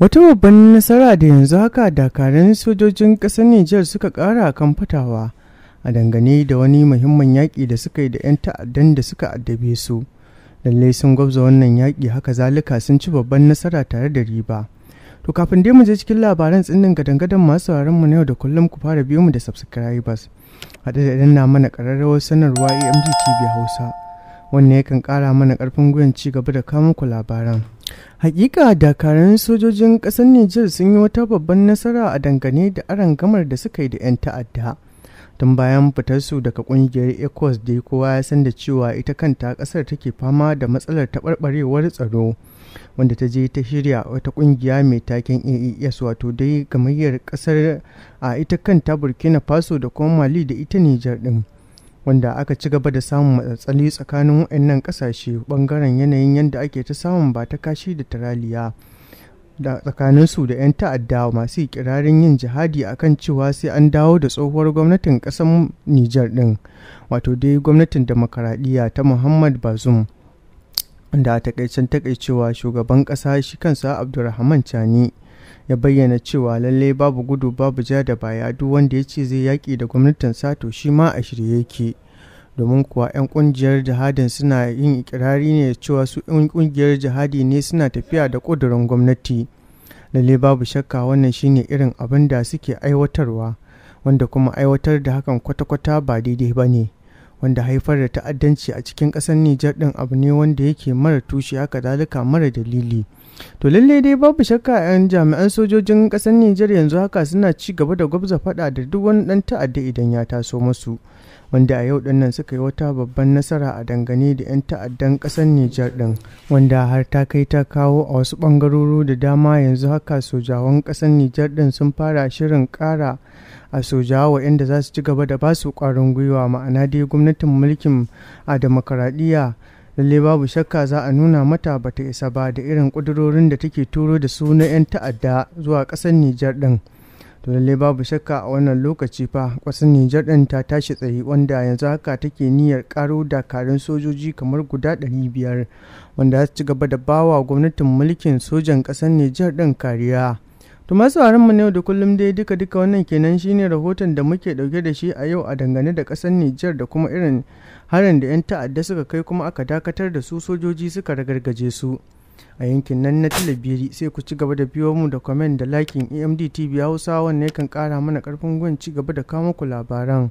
Wata babban nasara da yanzu haka dakarun sojojin ƙasar Nijar suka ƙara kan fatawa a dangane da wani muhimman yaƙi da suka yi da 'yan ta'addan da suka addabe su. Lallai sun gwabza wannan yaƙi haka zalika sun ci babban nasara tare da riba. To kafin dai mu je cikin labaran tsinin gadan-gadan masu mu na yau da kullum ku fara biyo mu da subscribers. Haɗe da idan na mana ƙararrawar sanarwa AMG TV Hausa. Wannan yakan ƙara mana ƙarfin gwiwan ci gaba da kawo muku labaran. Hakika dakarun sojojin ƙasar Nijar sun yi wata babban nasara a dangane da arangamar da suka yi da 'yan ta'adda. Tun bayan su daga ƙungiyar ecos da kowa ya san da cewa ita kanta ƙasar take fama da matsalar taɓarɓarewar tsaro wanda ta je ta shirya wata ƙungiya mai taken AES wato dai gamayyar kasar a ita kanta Burkina Faso da kuma Mali da ita Nijar ɗin. wanda aka ci gaba da samun matsatsali tsakanin wa'annan ƙasashe bangaren yanayin yadda ake ta samun ba ta kashi da taraliya da tsakaninsu da 'yan ta'adda masu kirarin yin jihadi akan cewa sai an dawo da tsohuwar gwamnatin kasar Nijar ɗin wato dai gwamnatin demokaradiyya ta Muhammad Bazoum da a takaicen takaicewa shugaban ƙasa shi kansa Abdulrahman Chani. ya bayyana cewa lallai babu gudu babu ja da baya duk wanda ya ce zai yaƙi da gwamnatin sato shi ma a shirye yake domin kuwa 'yan ƙungiyar jihadin suna yin ikirari ne cewa su 'yan kungiyar jihadi ne suna tafiya da ƙudurin gwamnati lalle babu shakka wannan shine irin abin da suke aiwatarwa wanda kuma aiwatar da hakan kwata-kwata ba daidai ba ne wanda haifar da ta'addanci a cikin ƙasar Nijar ɗin abu ne wanda yake mara tushe haka dalika mara dalili. To lalle dai babu shakka 'yan jami'an sojojin ƙasar Nijar yanzu haka suna ci gaba da gwabza faɗa da duk wani ɗan ta'adda idan ya taso musu. wanda a yau dinnan suka yi wata babban nasara a dangane da 'yan ta'addan ƙasar Nijar ɗin wanda har ta kai ta kawo a wasu ɓangarori da dama yanzu haka sojawan ƙasar Nijar ɗin sun fara shirin ƙara a sojawa waɗanda za su ci gaba da ba su ƙwarin gwiwa ma'ana dai gwamnatin mulkin a demokaradiyya lalle babu shakka za a nuna mata bata isa ba da irin ƙudurorin da take turo da su na 'yan ta'adda zuwa ƙasar Nijar ɗin. to lalle babu shakka a wannan lokaci fa kwasan Nijar ɗin ta tashi tsayi wanda yanzu haka take niyyar ƙaro dakarun sojoji kamar guda 500 wanda za ci gaba da bawa gwamnatin mulkin sojan ƙasar Nijar ɗin kariya. To masu mu ne da kullum dai duka duka wannan kenan shine rahoton da muke dauke da shi a yau a dangane da kasar Nijar da kuma irin harin da 'yan ta'adda suka kai kuma aka dakatar da su sojoji suka ragargaje su. a yankin nan na talabiri sai ku ci gaba da biyo mu da kwamen da lakin amd tv hausa wannan kan kara mana karfin gwiwa ci gaba da kawo ku labaran